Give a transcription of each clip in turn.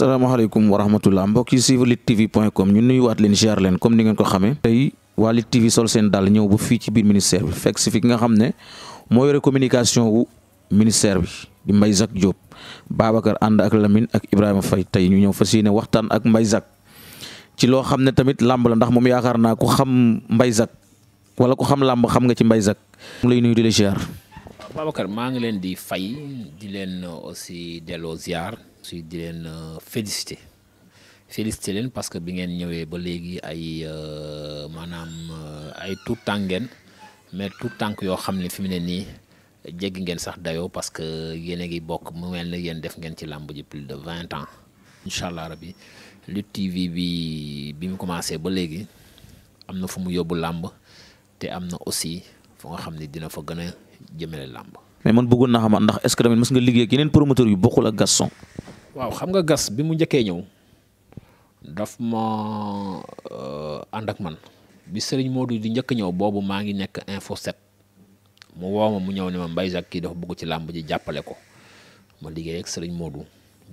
asalaamaaleykum wa rahmatullah mbokk yi suivre Lutte TV point com ñu nuyuwaat leen ziar leen comme ni ngeen ko xamee tey waa Lutte TV sol seen dàll ñëw ba fii ci biir ministère bi fekk si fi ki nga xam ne moo yore wu ministère bi di Mbaye Jacques Diop Babacar ànd ak Lamine ak Ibrahima Faye tey ñu ñëw fas ne waxtaan ak Mbaye Jacques ci loo xam ne tamit làmb la ndax moom yaakaar naa ku xam Mbaye Jacques wala ku xam làmb xam nga ci Mbaye Jacques mu lay nuyu di la ziar. maa ngi leen di fay di leen aussi delloo suy di leen félicité euh, félicité leen parce que bi ngeen ñëwee ba léegi ay euh, maanaam euh, ay tout tànk ngeen mais tout tànk yoo xam ne fi mu ne nii jéggi ngeen sax dayoo parce que yéen a ngi bokk mu mel ne yéen def ngeen ci làmb ji plus de vingt ans incha allah rabi Lutte TV bi bi mu commencé ba léegi am na fu mu yóbbu làmb te am na aussi fu nga xam ne dina fa gën a jëmale làmb. mais man bëggoon naa xam ndax est-ce nga liggéey ak yeneen promoteur yu bokkul waaw xam nga gas bi mu njëkkee ñëw daf ma euh, ànd ak man bi sëriñ Modou di njëkk ñëw boobu maa ngi nekk info 7 mu woo ma mu ñëw ne ma Mbaye Jacques kii dafa bëgg ci làmb ji jàppale ko ma liggéey ak sëriñ Modou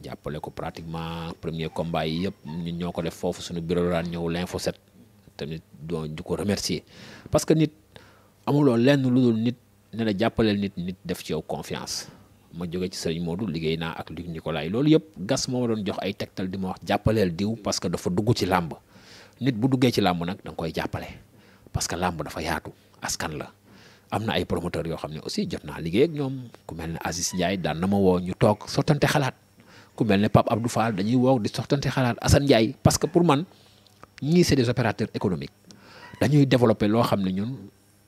jàppale ko pratiquement premier combat yi yëpp ñun ñoo ko def foofu suñu bureau daan ñëw l'info 7 tamit doo du ko remercier parce que nit amuloo lenn lu dul nit ne la jàppaleel nit nit def ci yow confiance ma jóge ci sëriñ Modou liggéey naa ak Luc Nicolaï loolu yëpp gas moo ma doon jox ay tegtal di ma wax jàppaleel diw parce que dafa dugg ci làmb nit bu duggee ci làmb nag da nga koy jàppale parce que làmb dafa yaatu askan la am na ay promoteur yoo xam ne aussi jot naa liggéey ak ñoom ku mel ne Aziz Ndiaye daan na ma woo ñu toog sottante xalaat ku mel ne Pape Abdou Fall dañuy woo di sottante xalaat Assane Ndiaye parce que pour man ñii c'est des opérateurs économiques dañuy développer loo xam ne ñun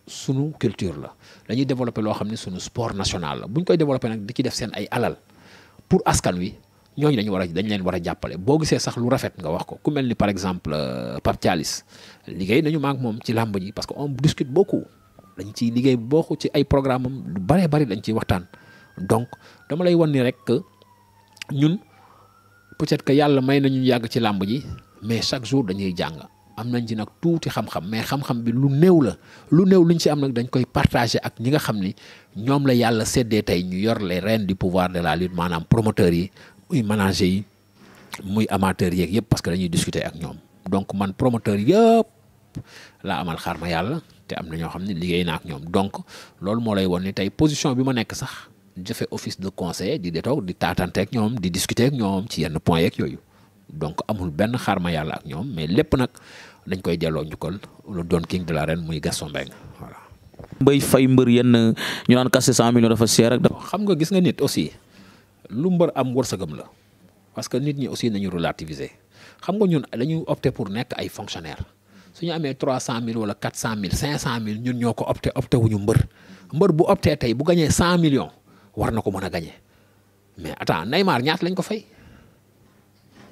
sunu culture la dañuy développer loo xam ne sunu sport national la bu koy développer nag di ci def seen ay alal pour askan wi ñooñu dañu war a dañ leen war a jàppale boo gisee sax lu rafet nga wax ko ku mel ni par exemple euh, Pape Thialis liggéey nañu maak moom ci làmb ji parce que on discute beaucoup dañ ciy liggéey boo ko ci ay programme am lu bëree bëri dañ ciy waxtaan donc dama lay won ni rek ñun peut-être que yàlla may ñu yàgg ci làmb ji mais chaque jour dañuy jàng. am nañ ci nag tuuti xam-xam mais xam-xam bi lu néew la lu new luñ ci am nag dañ koy partager ak ñi nga xam ni ñoom la yàlla séddee tey ñu yor les rênes di pouvoir de la lutte maanaam promoteurs yi muy managers yi muy amateurs yeeg yëpp parce que dañuy discuter ak ñoom donc man promoteur yëpp laa amal xaar ma yàlla te am na ñoo xam ne liggéey naa ak ñoom donc loolu moo lay won ni tey position bi ma nekk sax jafe office de conseil di détoog di taatante ak ñoom di discuter ak ñoom ci yenn point yeeg yooyu dañ koy delloo njukkal le Don King de ren muy Gaston Mbengue voilà. mbay fay mbër yenn ñu naan kase cent millions dafa seer rek. xam nga gis nga nit aussi lu mbër am wërsëgam la parce que nit ñi aussi nañu relativiser xam nga ñun dañu opté pour nekk ay fonctionnaire su ñu amee trois cent mille wala quatre cent mille cinq cent mille ñun ñoo ko opté opté wuñu mbër mbër bu opté tey bu gañee cent millions war na ko mën a gañee mais attends Neymar ñaata lañ ko fay.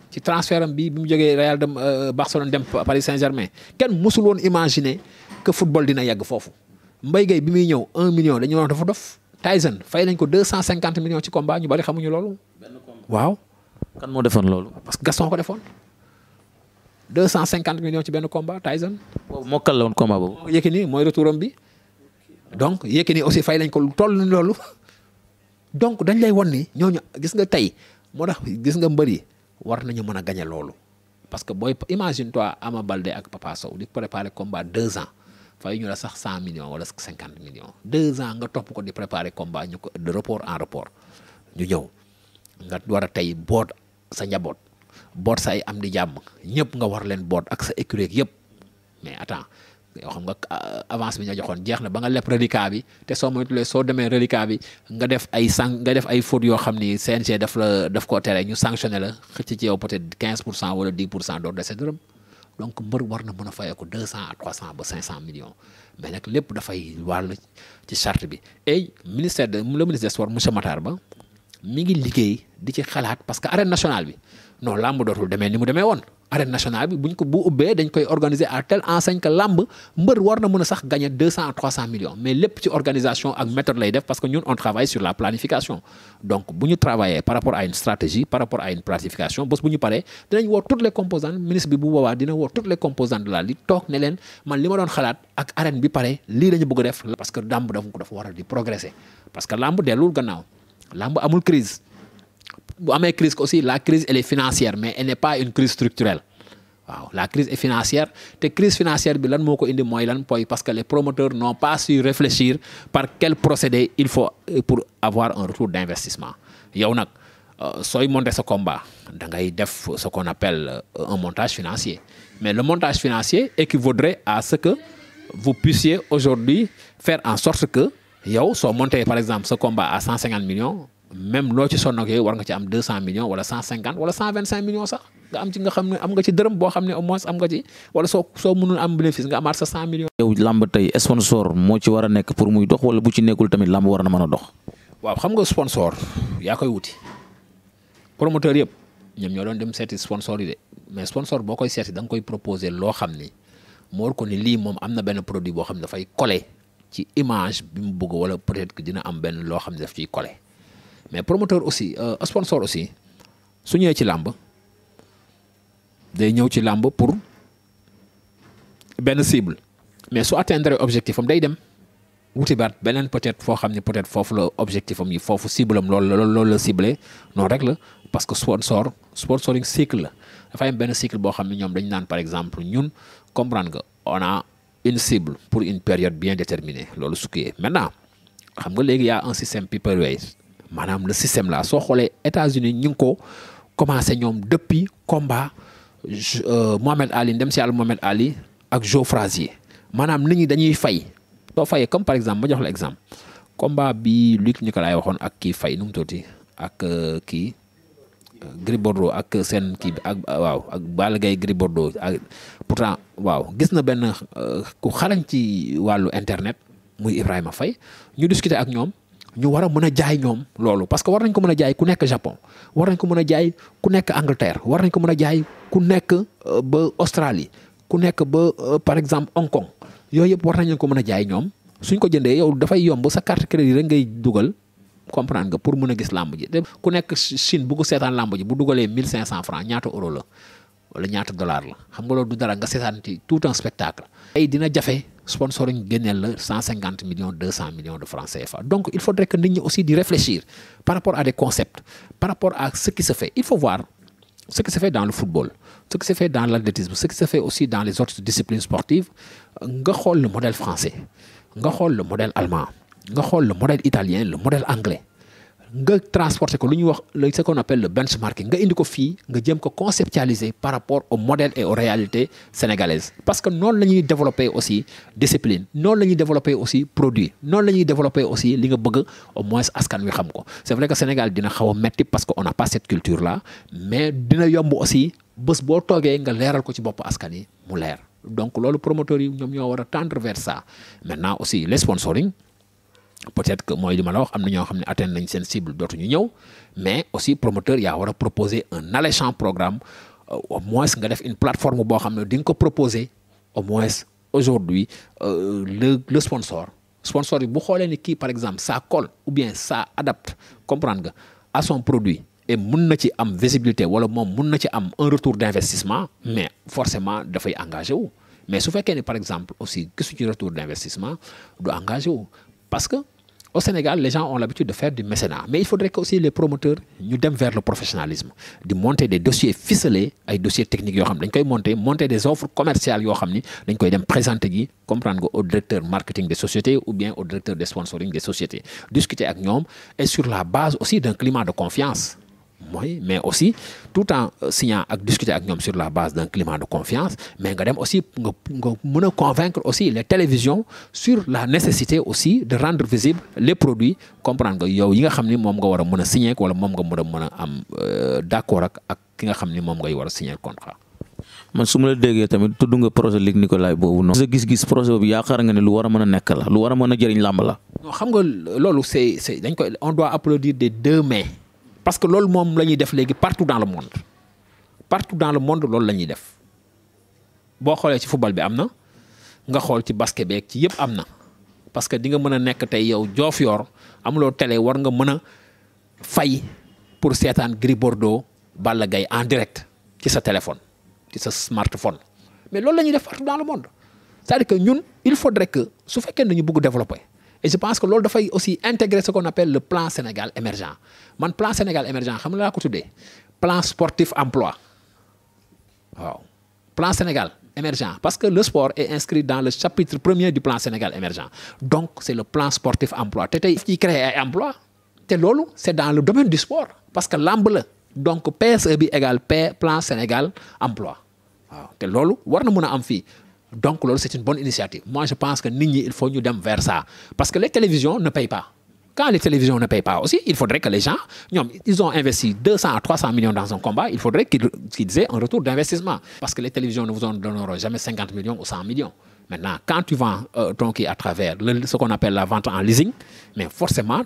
ci transfert bi bi mu jógee reyal dem euh, Barcelone dem Paris Saint-Germain kenn mësul woon imaginer que football dina yegg foofu Mbaye Gueye bi muy ñëw un million dañu wax dafa dof Tyson fay nañ ko deux cent cinquante millions ci combat ñu bari xamuñu loolu. waaw. kan moo defoon loolu. parce que Gaston ko defoon deux cent cinquante millions ci benn combat Tyson. boobu moo kal la woon combat boobu. moo Yékini bi donc Yékini aussi fay nañ ko lu toll loolu donc dañ lay won nii ñooñu gis nga tey moo tax gis nga mbër yi war nañu mën a gañe loolu parce que booy imagine toi Ama Baldé ak Papa Sow di préparer combat deux ans fay ñu la sax cent millions wala cinquante millions deux ans nga topp ko di préparer combat ñu ko de report en report ñu ñëw nga war a tey boot sa njaboot boot sa ay am di jàmm ñëpp nga war leen boot ak sa écurie yëpp mais temps yow xam nga euh, avance bi ñu joxoon jeex na ba nga leb reliquat bi te soo moytulee soo demee reliquat bi nga def ay san nga def ay fautes yoo xam ni CNG daf la daf koo tere ñu sanctionné la xëcc ci yow peut-être quinze pour cent wala dix pour donc mbër war na mën a fayee ko deux cent à trois cent ba cinq cent millions mais nag lépp dafay wàll ci charte bi et ministère de le ministre des sports monsieur Ba mi ngi liggéey di ci xalaat parce que arène nationale bi arène nationale bi buñ ko bu ubbee dañ koy organiser à telle enseigne que làmb mbër war na mën a sax gagner deux cent à trois cent millions mais lépp ci organisation ak méthode lay def parce que ñun on travaille sur la planification donc bu ñu travailler par rapport à une stratégie par rapport à une planification bés bu ñu paree dinañ woo toutes les composantes ministre bi bu boobaa dina woo toutes les composantes de la toog ne man li doon xalaat ak arène bi pare lii la a def parce que làmb dafa ko dafa a di progresser bu amee crise aussi la crise elle est financière mais elle n'est pas une crise structurelle la crise est financière te crise financière bi lan moo ko indi mooy lan pooy parce que les promoteurs n'ont pas su réfléchir par quel procédé il faut euh, pour avoir un retour d'investissement yow nag euh, sooy monter sa combat da ngay def ce qu'on appelle euh, un montage financier mais le montage financier équivaudrait à ce que vous puissiez aujourd'hui faire en sorte que yow soo monter par exemple ce combat à 150 millions même loo ci sonn ak yooyu war nga ci am deux cent millions wala cent cinquante wala cent vingt cinq millions sax nga am ci nga xam ne am nga ci dërëm boo xam ne au moins am nga ci wala soo soo mënul am bénéfice nga amaat sa cent yow làmb tey sponsor moo ci war a nekk pour muy dox wala bu ci nekkul tamit làmb war na mën a dox. waaw xam nga sponsor yaa koy wuti promoteur yëpp ñoom ñoo doon dem seeti sponsor yi de mais sponsor boo koy seeti da koy proposer loo xam ni moo war ko ni lii moom am na benn produit boo xam ne dafay coller ci image bi mu bugg wala peut-être que am benn loo xam ne daf ciy coller. mais promoteur aussi euh, sponsor aussi su ñëwee ci làmb day ñëw ci làmb pour benn cible mais su atteindre objectif am day dem wuti baat beneen peut foo xam ne peut-être foofu la objectif am yi foofu cible am loolu la loolu la ciblé noonu rek la parce que sponsor sponsoring cycle la dafa benn cycle boo xam ne ñoom dañu naan par exemple ñun comprendre nga on a une cible pour une période bien déterminée loolu su kii maintenant xam nga léegi y a un système pay per maanaam le système la soo xoolee États-Unis ñu ngi ko commencé ñoom depuis combat euh, Mohamed Ali ndem si yàlla Mohamed Ali ak Joe maanaam nit ñi dañuy fay soo fayee comme par exemple ma jox la exemple combat bi Luc lay waxoon ak kii fay nu mu tuuti ak euh, kii euh, gri Bordeaux ak seen kii bi ak waaw ak Balla Gaye Gris Bordeaux pourtant waaw gis na benn ku xarañ ci wàllu internet muy Ibrahima fay ñu discuter ak ñoom. ñu war a mën a jaay ñoom loolu parce que war nañ ko mën a jaay ku nekk Japon war nañ ko mën a jaay ku nekk Angleterre war nañ ko mën a jaay ku nekk euh, ba Australie ku nekk ba euh, par exemple Hong Kong yooyu yëpp war nañ ko mën a jaay ñoom suñ ko jëndee yow dafay yomb sa carte crédit rek ngay dugal comprendre nga pour mën a gis làmb ji ku nekk Chine bu ko seetaan làmb ji bu dugalee 1500 francs ñaata euro la wala ñaata dollar la xam nga loolu du dara nga seetaan ci tout un spectacle. ay dina jafe. sponsoring génneel la cent cinquante cent millions de francs CFA donc il faudrait que nit ñi aussi di réfléchir par rapport à des concepts par rapport à ce qui se fait il faut voir ce qui se fait dans le football ce qui se fait dans l'athlétisme ce qui se fait aussi dans les autres disciplines sportives nga xool le modèle français nga xool le modèle allemand nga xool le modèle italien le modèle anglais nga transporter ko lu ñuy wax le ce qu'on appelle le nga indi ko fii nga jëm ko conceptualiser par rapport au modèle et aux réalités sénégalaises parce que noonu la ñuy développer aussi discipline noonu la ñuy développer aussi produit noonu la ñuy développer aussi li nga bëgg au moins askan wi xam ko c'est vrai que Sénégal dina xaw a metti parce que on n'a pas cette culture là mais dina yomb aussi bés boo toogee nga leeral ko ci bopp askan yi mu leer donc loolu promoteurs yi ñoo war a tendre vers ça maintenant aussi les sponsoring peut-être que mooy li ma la wax am na ñoo xam ne atteindre nañ seen cible dootuñu ñëw mais aussi promoteur yaa war a proposer un alléchant programme euh, au moins nga def une plateforme boo xam ne di nga ko proposer au moins aujourd'hui euh, le le sponsor sponsor bi bu xoolee ni kii par exemple ça colle ou bien ça adapte comprendre nga à son produit et mun na ci am visibilité wala moom mun na ci am un retour d'investissement mais forcement dafay engagé wu mais su fekkee ni par exemple aussi gisu au Sénégal les gens ont l'habitude de faire du mécénat mais il faudrait que aussi les promoteurs ñu dem vers le professionnalisme di monter des dossiers ficelés ay dossiers techniques yoo xam ne dañ koy monter monter des offres commerciales yoo xam ni dañ koy dem présenter gi comprendre au directeur marketing des sociétés ou bien au directeur de sponsoring des sociétés discuter ak ñoom et sur la base aussi d'un climat de confiance mooy mais aussi tout en euh, signant ak discuter ak ñoom sur la base d'un climat de confiance mais nga dem aussi nga nga mën a convaincre aussi les télévisions sur la nécessité aussi de rendre visibles les produits comprendre nga yow yi nga xam ni moom nga war a mën a signer wala moom nga mën a a am euh, ak ak ki nga xam ni moom ngay war a signer contrat. man su ma la tamit tudd nga projet Luc Nicolaï boobu noonu. sa gis-gis projet boobu yaakaar nga ne lu war a mën a nekk la lu war a la. non xam nga loolu c'est c'est dañ parce que loolu moom la ñuy def partout dans le monde partout dans le monde loolu la ñuy def boo xoolee ci football bi am na nga xool ci basket beeg ci yëpp am na parce que di nga mën a nekk tey yow joof yor amuloo tele war nga mën a fay pour seetaan gri Bordeaux Balla Gaye en direct ci sa téléphone ci sa smartphone mais loolu lañuy def partout dans le monde cest à que ñun il faudrait que su fekkee nañu bëgg développer et je pense que loolu dafay aussi intégrer ce qu'on appelle le plan Sénégal émergent man plan Sénégal émergent xam nga laa ko tuddee plan sportif emploi waaw plan Sénégal émergent parce que le sport est inscrit dans le chapitre premier du plan Sénégal émergent donc c'est le plan sportif emploi te tey daf ciy créer emploi te loolu c'est dans le domaine du sport parce que làmb donc PSE bi égal P plan Sénégal emploi te loolu war na mën a am fii donc loolu c'est une bonne initiative moi je pense que nit il faut ñu dem vers parce que les télévisions ne payent pas quand les télévisions ne payent pas aussi il faudrait que les gens ñoom ils ont investi à millions dans un combat il faudrait qu'ils qu'ils un retour d'investissement parce que les télévisions ne vous en donneront jamais cinquante millions ou millions Maintenant, quand tu vends euh, ton kii à travers le, ce qu'on appelle la vente en leasing, mais forcément